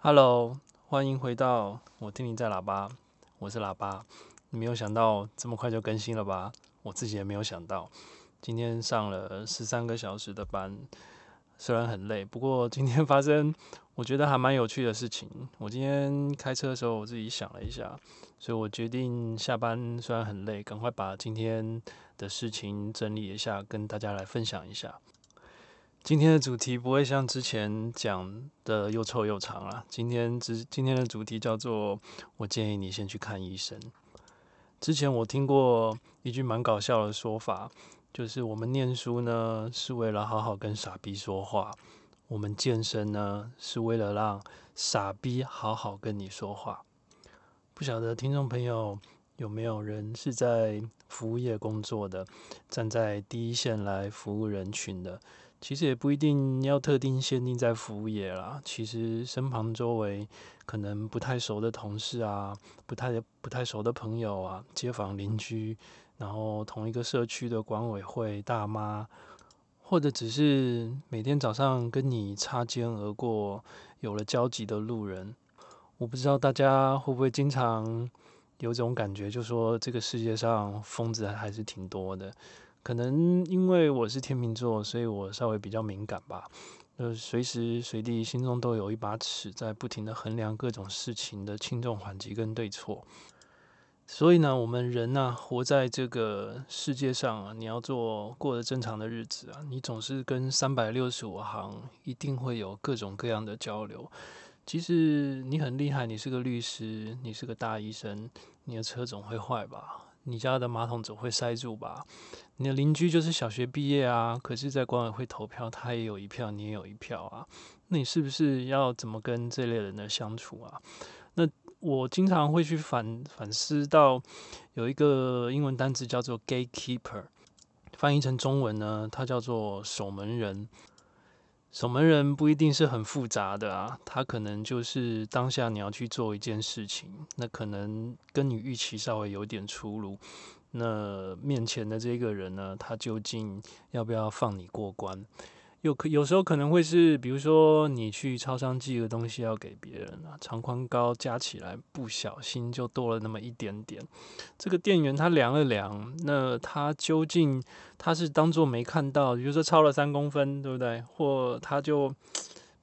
Hello，歡迎回到我聽你在喇叭，我是喇叭。你沒有想到這麼快就更新了吧？我自己也沒有想到。今天上了十三個小時的班，雖然很累，不過今天發生我覺得還蠻有趣的事情。我今天開車的時候，我自己想了一下，所以我決定下班雖然很累，趕快把今天的事情整理一下，跟大家來分享一下。今天的主題不會像之前講的又臭又長啊！今天只今天的主題叫做“我建議你先去看醫生”。之前我聽過一句蠻搞笑的說法，就是我們念書呢是為了好好跟傻逼說話，我們健身呢是為了讓傻逼好好跟你說話。不曉得聽眾朋友有沒有人是在服務業工作的，站在第一線來服務人群的？其實也不一定要特定限定在服務業啦，其實身旁周圍可能不太熟的同事啊，不太不太熟的朋友啊，街坊鄰居，然後同一個社區的管委會大媽，或者只是每天早上跟你擦肩而過，有了交集的路人，我不知道大家會不會經常有種感覺，就說這個世界上瘋子還是挺多的。可能因為我是天秤座，所以我稍微比較敏感吧。呃，隨時隨地心中都有一把尺，在不停的衡量各種事情的輕重緩急跟對錯。所以呢，我們人吶、啊，活在這個世界上啊，你要做過的正常的日子啊，你總是跟三百六十五行一定會有各種各樣的交流。即使你很厲害，你是個律師，你是個大醫生，你的車總會壞吧？你家的馬桶總會塞住吧？你的鄰居就是小學畢業啊，可是，在管委會投票，他也有一票，你也有一票啊。那你是不是要怎麼跟這類人的相處啊？那我經常會去反反思到，有一個英文單詞叫做 gatekeeper，翻譯成中文呢，它叫做守門人。守門人不一定是很複雜的啊，他可能就是當下你要去做一件事情，那可能跟你預期稍微有點出入。那面前的這個人呢，他究竟要不要放你過關？有可有時候可能會是，比如說你去超商寄個東西要給別人啊，長寬高加起來不小心就多了那麼一點點，這個店員他量了量，那他究竟他是當做沒看到，比如說超了三公分，對不對？或他就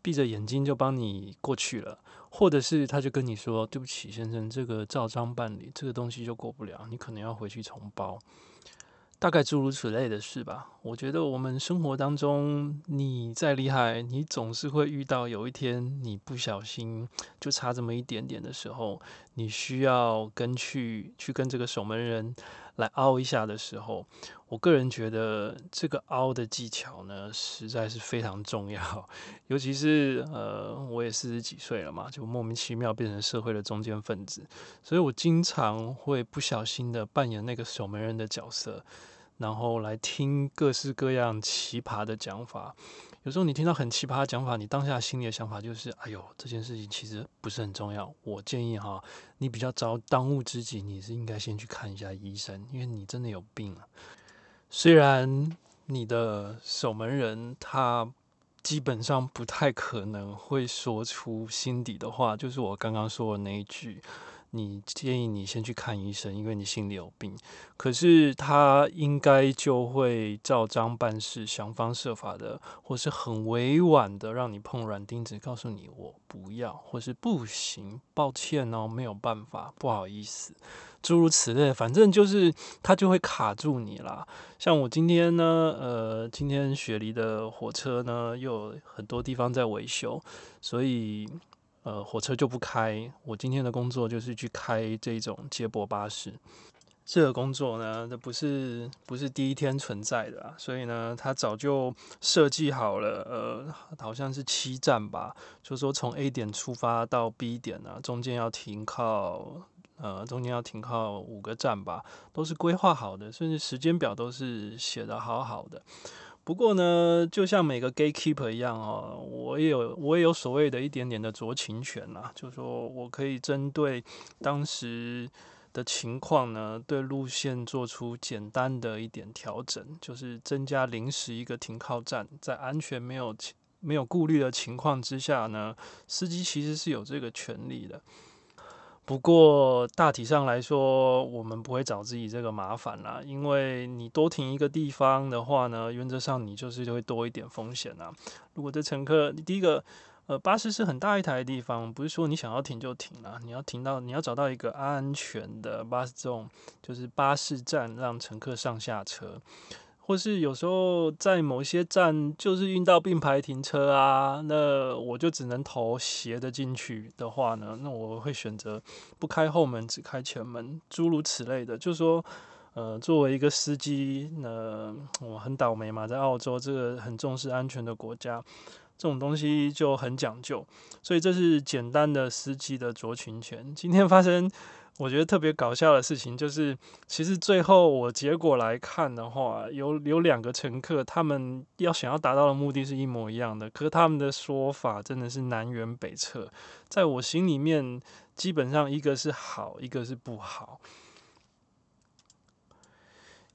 閉着眼睛就幫你過去了，或者是他就跟你說對不起先生，這個照章辦理，這個東西就過不了，你可能要回去重包。大概諸如此類的事吧。我覺得我們生活當中，你再厲害，你總是會遇到有一天你不小心就差這麼一點點的時候，你需要跟去去跟這個守門人來凹一下的時候，我個人覺得這個凹的技巧呢，實在是非常重要。尤其是呃，我也四十幾歲了嘛，就莫名其妙變成社會的中間分子，所以我經常會不小心的扮演那個守門人的角色。然後來聽各式各樣奇葩的講法，有時候你聽到很奇葩的講法，你當下心裡的想法就是：哎呦，這件事情其實不是很重要。我建議哈，你比較着當務之急，你是應該先去看一下醫生，因為你真的有病啊。雖然你的守門人他基本上不太可能會說出心底的話，就是我剛剛說的那一句。你建議你先去看醫生，因為你心裡有病。可是他應該就會照章辦事，想方設法的，或是很委婉的讓你碰軟釘子，告訴你“我不要”或是“不行”，抱歉哦，沒有辦法，不好意思，諸如此類。反正就是他就會卡住你啦。像我今天呢，呃，今天雪梨的火車呢，又有很多地方在維修，所以。呃，火車就不開。我今天的工作就是去開這種接駁巴士。這個工作呢，這不是不是第一天存在的啊，所以呢，它早就設計好了。呃，好像是七站吧，就是說從 A 點出發到 B 點啊，中間要停靠，呃，中間要停靠五個站吧，都是規劃好的，甚至時間表都是寫得好好的。不過呢，就像每個 gatekeeper 一樣哦，我也有，我也有所謂的一點點的酌情權啦，就是說我可以針對當時的情況呢，對路線做出簡單的一點調整，就是增加臨時一個停靠站，在安全沒有沒有顧慮的情況之下呢，司機其實是有這個權利的。不過大體上來說，我們不會找自己這個麻煩啦。因為你多停一個地方的話呢，原則上你就是就會多一點風險啦。如果這乘客第一個，呃，巴士是很大一台的地方，不是說你想要停就停啦。你要停到，你要找到一個安全的巴士，這種就是巴士站，讓乘客上下車。或是有時候在某些站就是遇到並排停車啊，那我就只能頭斜着進去的話呢，那我會選擇不開後門，只開前門，諸如此類的。就是說，呃，作為一個司機呢、呃，我很倒霉嘛，在澳洲這個很重視安全的國家，這種東西就很講究，所以這是簡單的司機的酌情權。今天發生。我覺得特別搞笑的事情就是，其實最後我結果來看的話，有有兩個乘客，他們要想要達到的目的是一模一樣的，可是他們的說法真的是南轅北轍，在我心裡面，基本上一個是好，一個是不好。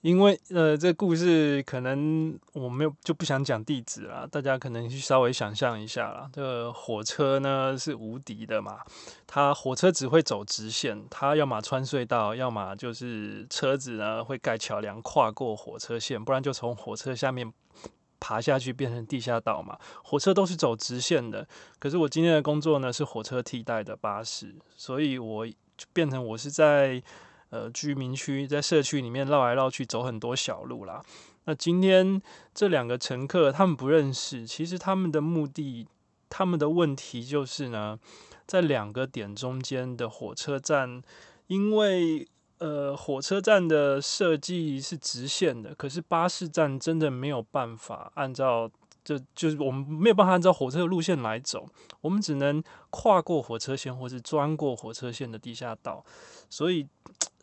因為呃，這個故事可能我沒有就不想講地址啦，大家可能去稍微想象一下啦。這個火車呢是無敵的嘛，它火車只會走直線，它要麼穿隧道，要麼就是車子呢會蓋橋樑跨過火車線，不然就從火車下面爬下去變成地下道嘛。火車都是走直線的，可是我今天的工作呢是火車替代的巴士，所以我就變成我是在。呃，居民區在社區裡面繞來繞去，走很多小路啦。那今天這兩個乘客他們不認識，其實他們的目的，他們的問題就是呢，在兩個點中間的火車站，因為呃，火車站的設計是直線的，可是巴士站真的沒有辦法按照，就就是我們沒有辦法按照火車的路線來走，我們只能跨過火車線，或是鑽過火車線的地下道，所以。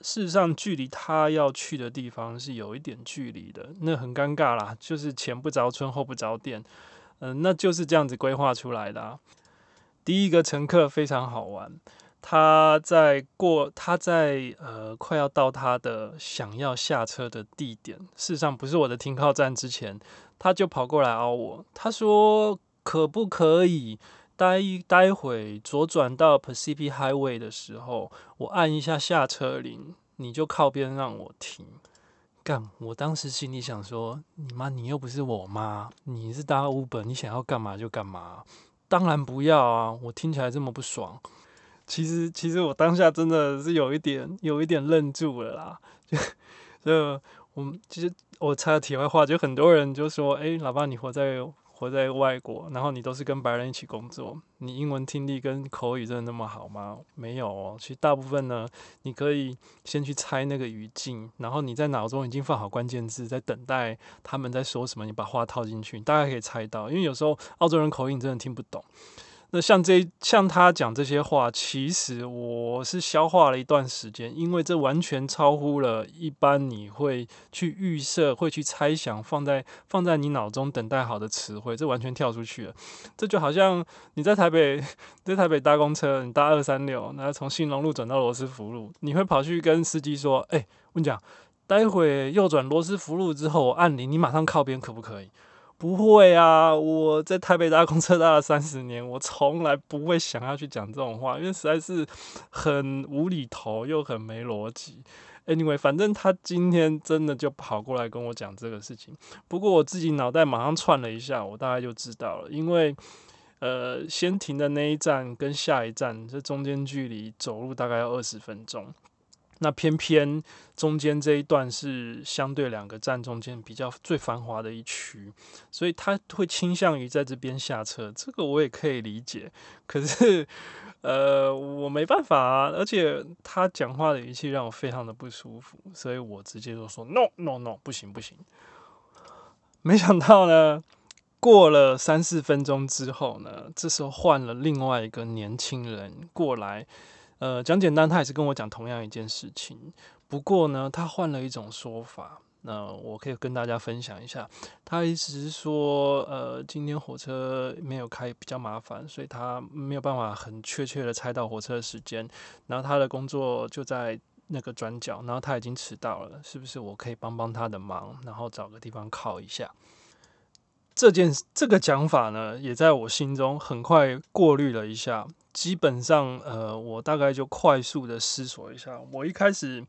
事實上，距離他要去的地方是有一點距離的，那很尷尬啦，就是前不着村後不着店，嗯，呃，那就是這樣子規劃出來的，啊。第一個乘客非常好玩，他在過他在呃快要到他的想要下車的地點，事實上不是我的停靠站之前，他就跑過來凹我，他說可不可以？待一待一會左轉到 Pacific Highway 的時候，我按一下下車鈴，你就靠邊讓我停。幹！我當時心裡想說：“你媽，你又不是我媽，你是搭 Uber，你想要幹嘛就幹嘛，當然不要啊！”我聽起來這麼不爽，其實其實我當下真的是有一點有一點愣住了啦。就就我其實我插個題外話，就很多人就說：“哎、欸，老爸，你活在……”活在外國，然後你都是跟白人一起工作，你英文聽力跟口語真的那麼好嗎？沒有哦，其實大部分呢，你可以先去猜那個語境，然後你在腦中已經放好關鍵字，再等待他們在說什麼，你把話套進去，你大概可以猜到，因為有時候澳洲人口音真的聽不懂。那像這像他講這些話，其實我是消化了一段時間，因為這完全超乎了一般你會去預設、會去猜想，放在放在你腦中等待好的詞彙，這完全跳出去了。這就好像你在台北，在台北搭公車，你搭二三六，然後從興隆路轉到羅斯福路，你會跑去跟司機說：“哎，我跟你講，待會右轉羅斯福路之後，我按鈴，你馬上靠邊，可不可以？”不會啊！我在台北搭公車搭了三十年，我從來不會想要去講這種話，因為實在是很無厘頭又很沒邏輯。Anyway，反正他今天真的就跑過來跟我講這個事情。不過我自己腦袋馬上串了一下，我大概就知道了，因為呃，先停的那一站跟下一站這中間距離走路大概要二十分鐘。那偏偏中間這一段是相對兩個站中間比較最繁華的一區，所以他會傾向於在這邊下車。這個我也可以理解，可是呃，我沒辦法啊。而且他講話的語氣讓我非常的不舒服，所以我直接就說：“no no no，不行不行。”沒想到呢，過了三四分鐘之後呢，這時候換了另外一個年輕人過來。呃，講簡單，他也是跟我講同樣一件事情，不過呢，他換了一種說法。那、呃、我可以跟大家分享一下，他一直說，呃，今天火車沒有開，比較麻煩，所以他沒有辦法很確切的猜到火車的時間。然後他的工作就在那個轉角，然後他已經遲到了，是不是我可以幫幫他的忙，然後找個地方靠一下？這件這個講法呢，也在我心中很快過濾了一下。基本上，呃，我大概就快速的思索一下。我一開始，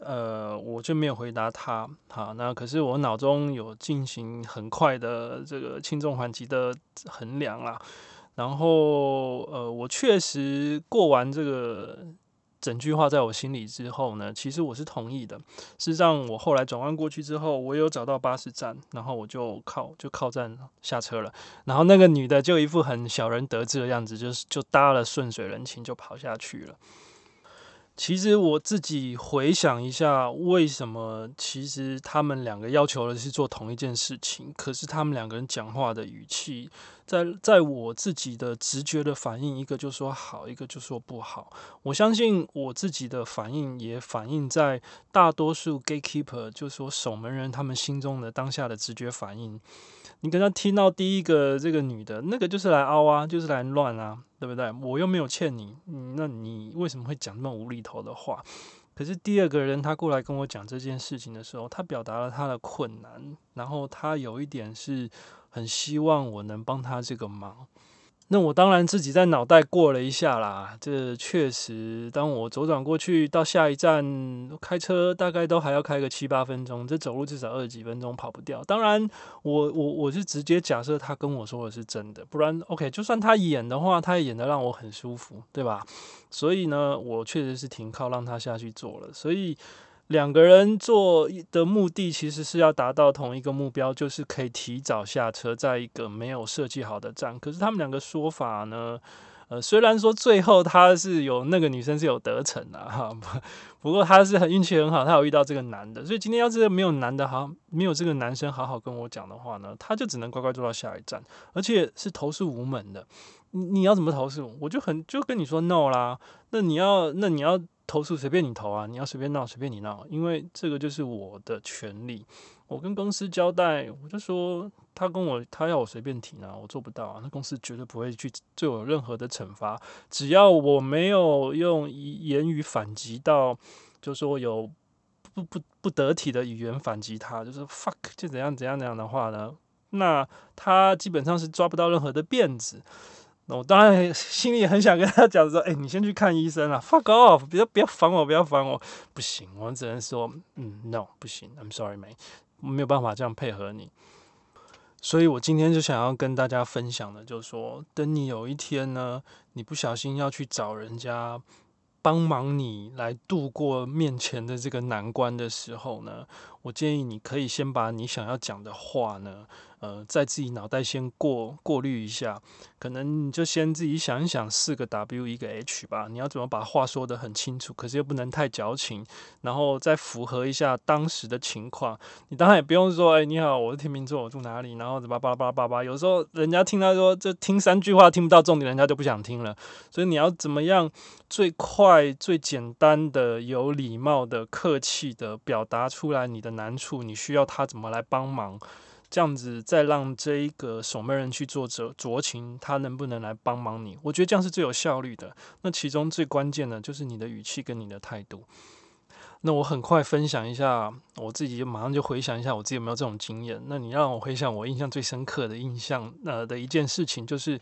呃，我就沒有回答他，好，那可是我腦中有進行很快的這個輕重緩急的衡量啦。然後，呃，我確實過完這個。整句話在我心裡之後呢，其實我是同意的。事實上，我後來轉彎過去之後，我有找到巴士站，然後我就靠就靠站下車了。然後那個女的就一副很小人得志的樣子，就是就搭了順水人情就跑下去了。其實我自己回想一下，為什麼其實他們兩個要求的是做同一件事情，可是他們兩個人講話的語氣，在在我自己的直覺的反應，一個就說好，一個就說不好。我相信我自己的反應也反映在大多數 gatekeeper 就是說守門人他們心中的當下的直覺反應。你剛剛聽到第一個這個女的，那個就是來凹啊，就是來亂啊。對不對？我又沒有欠你，那你為什麼會講那麼無厘頭的話？可是第二個人他過來跟我講這件事情的時候，他表達了他的困難，然後他有一點是很希望我能幫他這個忙。那我當然自己在腦袋過了一下啦，這確實，當我左轉過去到下一站開車，大概都還要開個七八分鐘，這走路至少二十幾分鐘跑不掉。當然我，我我我是直接假設他跟我說的是真的，不然 OK，就算他演的話，他也演得讓我很舒服，對吧？所以呢，我確實是停靠讓他下去坐了，所以。兩個人做的目的其實是要達到同一個目標，就是可以提早下車，在一個沒有設計好的站。可是他們兩個說法呢，呃，雖然說最後他是有那個女生是有得逞的哈，不過他是很運氣很好，他有遇到這個男的。所以今天要是沒有男的哈，沒有這個男生好好跟我講的話呢，他就只能乖乖坐到下一站，而且是投訴無門的。你你要怎麼投訴？我就很就跟你說 no 啦。那你要那你要。投訴隨便你投啊，你要隨便鬧隨便你鬧，因為這個就是我的權利。我跟公司交代，我就說他跟我他要我隨便停啊，我做不到啊。那公司絕對不會去對我有任何的懲罰，只要我沒有用言語反擊到，就是說有不不不得體的語言反擊他，就是 fuck 就怎樣怎樣怎樣的話呢，那他基本上是抓不到任何的辮子。那我當然心裡很想跟他講說：“哎、欸，你先去看醫生啦，fuck off 不要煩我，不要煩我，不行，我們只能說，嗯，no，不行，I'm sorry，man 我沒有辦法這樣配合你。”所以，我今天就想要跟大家分享的，就是說，等你有一天呢，你不小心要去找人家幫忙，你來度過面前的這個難關的時候呢。我建議你可以先把你想要講的話呢，呃，在自己腦袋先過過濾一下，可能你就先自己想一想四個 W 一個 H 吧，你要怎麼把話說得很清楚，可是又不能太矯情，然後再符合一下當時的情況。你當然也不用說，哎、欸，你好，我是天秤座，我住哪裡，然後怎麼巴拉巴拉巴拉。有時候人家聽他說就聽三句話聽不到重點，人家就不想聽了。所以你要怎麼樣最快、最簡單的、有禮貌的、客氣的表達出來你的。難處，你需要他怎麼來幫忙？這樣子再讓這一個守門人去做，酌酌情他能不能來幫忙你？我覺得這樣是最有效率的。那其中最關鍵的就是你的語氣跟你的態度。那我很快分享一下，我自己馬上就回想一下，我自己有沒有這種經驗？那你讓我回想，我印象最深刻的印象那、呃、的一件事情就是。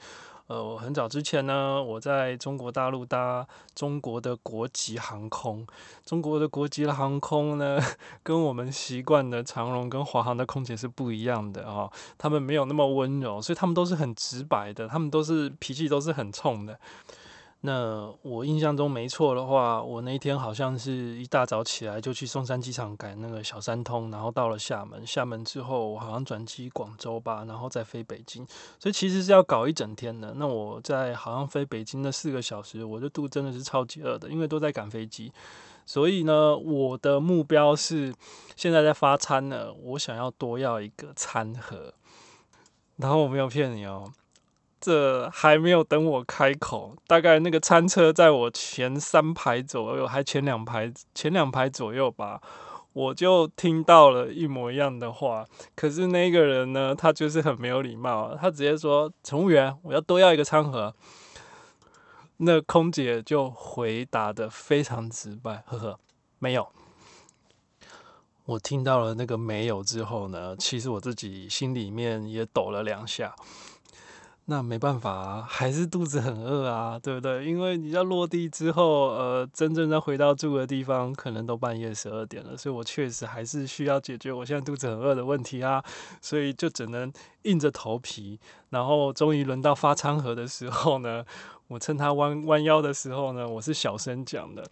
呃，很早之前呢，我在中國大陸搭中國的國際航空，中國的國際航空呢，跟我們習慣的長榮跟華航的空姐是不一樣的啊、哦，他們沒有那麼溫柔，所以他們都是很直白的，他們都是脾氣都是很衝的。那我印象中沒錯的話，我那天好像是一大早起來就去松山機場趕那個小三通，然後到了廈門。廈門之後，我好像轉機廣州吧，然後再飛北京。所以其實是要搞一整天的。那我在好像飛北京的四個小時，我的肚子真的是超級餓的，因為都在趕飛機。所以呢，我的目標是現在在發餐呢，我想要多要一個餐盒。然後我沒有騙你哦。這還沒有等我開口，大概那個餐車在我前三排左右，還前兩排前兩排左右吧，我就聽到了一模一樣的話。可是那個人呢，他就是很沒有禮貌，他直接說：“乘務員，我要多要一個餐盒。”那空姐就回答得非常直白，呵呵，沒有。我聽到了那個沒有之後呢，其實我自己心裡面也抖了兩下。那沒辦法啊，還是肚子很餓啊，對不對？因為你要落地之後，呃，真正再回到住的地方，可能都半夜十二點了，所以我確實還是需要解決我現在肚子很餓的問題啊，所以就只能硬着頭皮。然後終於輪到發餐盒的時候呢。我趁他彎彎腰的時候呢，我是小聲講的。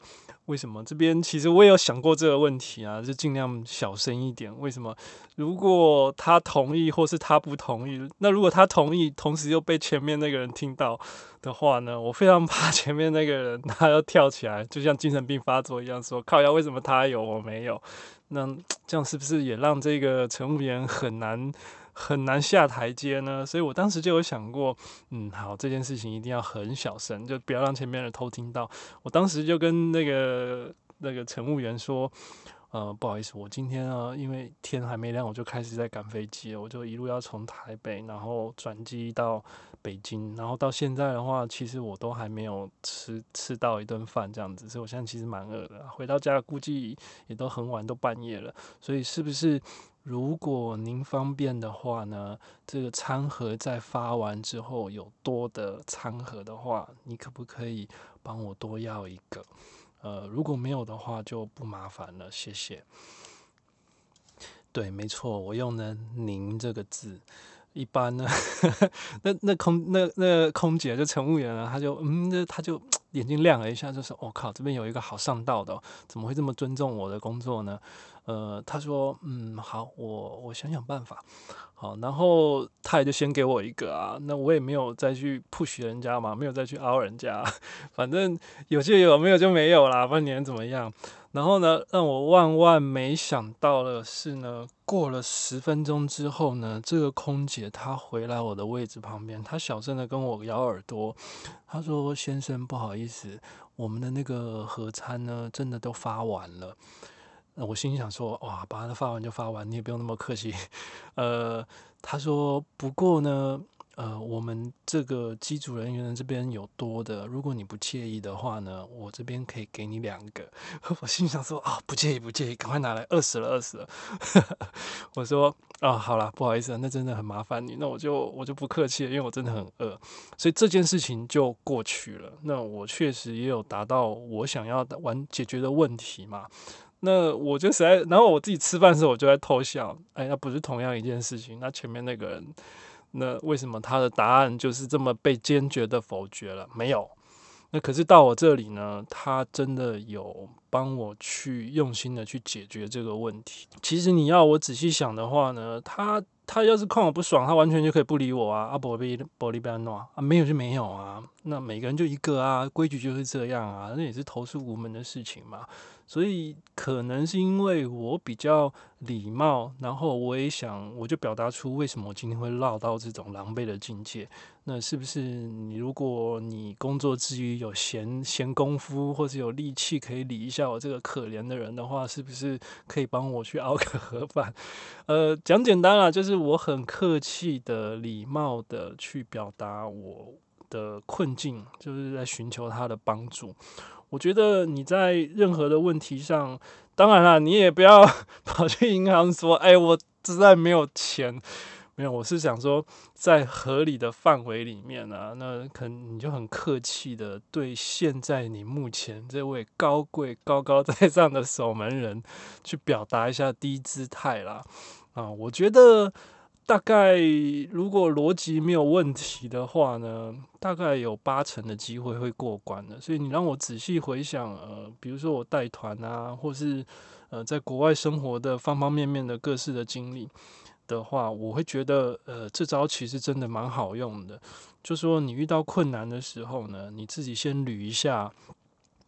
為什麼這邊其實我也有想過這個問題啊，就儘量小聲一點。為什麼？如果他同意，或是他不同意，那如果他同意，同時又被前面那個人聽到的話呢？我非常怕前面那個人他要跳起來，就像精神病發作一樣，說“靠腰，為什麼他有我沒有？”那這樣是不是也讓這個乘務員很難？很難下台階呢，所以我當時就有想過，嗯，好，這件事情一定要很小聲，就不要讓前面的偷聽到。我當時就跟那個那個乘務員說。呃，不好意思，我今天呢，因為天還沒亮，我就開始在趕飛機了，我就一路要從台北，然後轉機到北京，然後到現在的話，其實我都還沒有吃吃到一頓飯這樣子，所以我現在其實蠻餓的。回到家估計也都很晚，都半夜了，所以是不是如果您方便的話呢，這個餐盒在發完之後有多的餐盒的話，你可不可以幫我多要一個？呃，如果沒有的話就不麻煩了，謝謝。對，沒錯，我用了“您”這個字，一般呢，呵呵，那那空那那空姐就乘務員呢，她就嗯，她就眼睛亮了一下，就說：“我、哦、靠，這邊有一個好上道的，怎麼會這麼尊重我的工作呢？”呃，他說，嗯，好，我我想想辦法，好，然後他也就先給我一個啊，那我也沒有再去 push 人家嘛，沒有再去凹人家，反正有就有，沒有就沒有啦，不然怎麼樣。然後呢，讓我萬萬沒想到的是呢，過了十分鐘之後呢，這個空姐她回來我的位置旁邊，她小聲的跟我咬耳朵，她說：“先生，不好意思，我們的那個盒餐呢，真的都發完了。”我心想說：“哇，把他的發完就發完，你也不用那麼客氣。”呃，他說：“不過呢，呃，我們這個機組人員這邊有多的，如果你不介意的話呢，我這邊可以給你兩個。”我心想說：“啊、哦，不介意，不介意，趕快拿來，餓死了，餓死了。 ”我說：“啊，好了，不好意思，那真的很麻煩你，那我就我就不客氣了，因為我真的很餓，所以這件事情就過去了。那我確實也有達到我想要的完解決的問題嘛。”那我就實在，然後我自己吃飯的時候，我就在偷笑，哎、欸，那不是同樣一件事情，那前面那個人，那為什麼他的答案就是這麼被堅決的否決了？沒有，那可是到我這裡呢，他真的有，幫我去用心的去解決這個問題。其實你要我仔細想的話呢，他他要是看我不爽，他完全就可以不理我啊。阿伯利班諾，啊，沒有就沒有啊。那每個人就一個啊，規矩就是這樣啊。那也是投訴無門的事情嘛。所以可能是因為我比較禮貌，然後我也想，我就表達出為什麼我今天會落到這種狼狽的境界。那是不是你如果你工作之餘有閒閒功夫，或是有力氣可以理一下？要我這個可憐的人的話，是不是可以幫我去熬個盒飯？呃，講簡單啦，就是我很客氣的、禮貌的去表達我的困境，就是在尋求他的幫助。我覺得你在任何的問題上，當然了，你也不要 跑去銀行說：“哎、欸，我實在沒有錢。”沒有，我是想說，在合理的範圍裡面啊，那可能你就很客氣的對現在你目前這位高貴高高在上的守門人去表達一下低姿態啦。啊，我覺得大概如果邏輯沒有問題的話呢，大概有八成的機會會過關的。所以你讓我仔細回想，呃，比如說我帶團啊，或是呃在國外生活的方方面面的各式的經歷。的話，我會覺得，呃，這招其實真的蠻好用的。就說你遇到困難的時候呢，你自己先捋一下，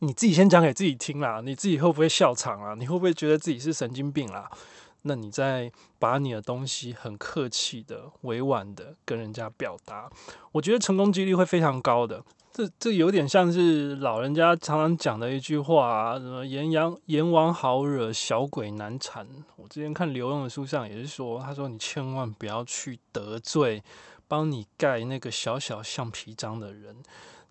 你自己先講給自己聽啦，你自己會不會笑場啦，啊？你會不會覺得自己是神經病啦，啊？那你再把你的東西很客氣的、委婉的跟人家表達，我覺得成功幾率會非常高的。這這有點像是老人家常常講的一句話啊，什麼閻王閻王好惹，小鬼難纏。我之前看劉墉的書上也是說，他說你千萬不要去得罪幫你蓋那個小小橡皮章的人，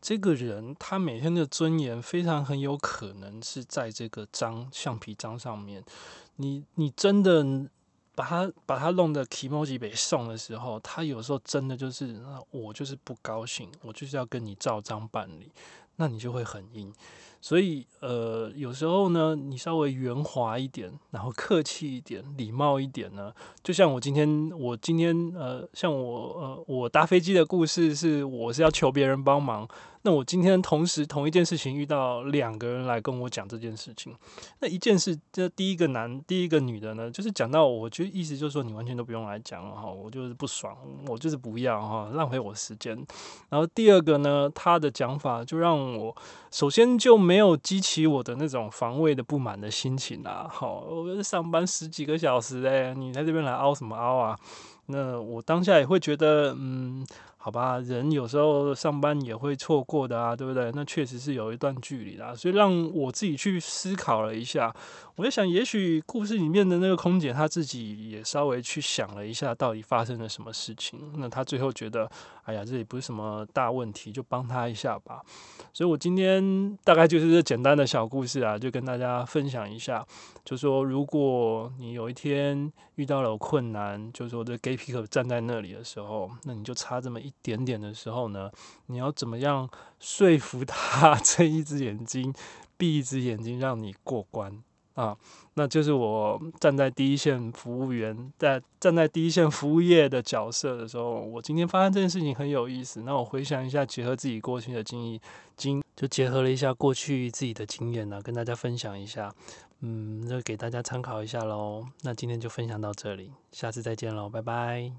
這個人他每天的尊嚴非常很有可能是在這個章橡皮章上面。你你真的。把他把他弄得 emoji 被送的時候，他有時候真的就是，那我就是不高興，我就是要跟你照章辦理，那你就會很硬。所以呃，有時候呢，你稍微圓滑一點，然後客氣一點，禮貌一點呢。就像我今天，我今天呃，像我呃，我搭飛機的故事是，我是要求別人幫忙。那我今天同時同一件事情遇到兩個人來跟我講這件事情，那一件事，這第一個男，第一個女的呢，就是講到我，我就意思就是說，你完全都不用來講了哈，我就是不爽，我就是不要哈，浪費我時間。然後第二個呢，他的講法就讓我首先就沒。沒有激起我的那種防衛的不滿的心情啊。好，我上班十幾個小時哎，你在這邊來凹什麼凹啊？那我當下也會覺得，嗯。好吧，人有時候上班也會錯過的啊，對不對？那確實是有一段距離啦、啊，所以讓我自己去思考了一下。我在想，也許故事裡面的那個空姐她自己也稍微去想了一下，到底發生了什麼事情。那她最後覺得，哎呀，這也不是什麼大問題，就幫她一下吧。所以我今天大概就是這簡單的小故事啊，就跟大家分享一下。就說如果你有一天遇到了困難，就說這 gatekeeper 站在那裡的時候，那你就差這麼一。一點點的時候呢，你要怎麼樣說服他睜一隻眼睛，閉一隻眼睛讓你過關啊？那就是我站在第一線服務員，在站在第一線服務業的角色的時候，我今天發現這件事情很有意思。那我回想一下，結合自己過去的經歷經，就結合了一下過去自己的經驗呢、啊，跟大家分享一下。嗯，那給大家參考一下嘍。那今天就分享到這裡，下次再見嘍，拜拜。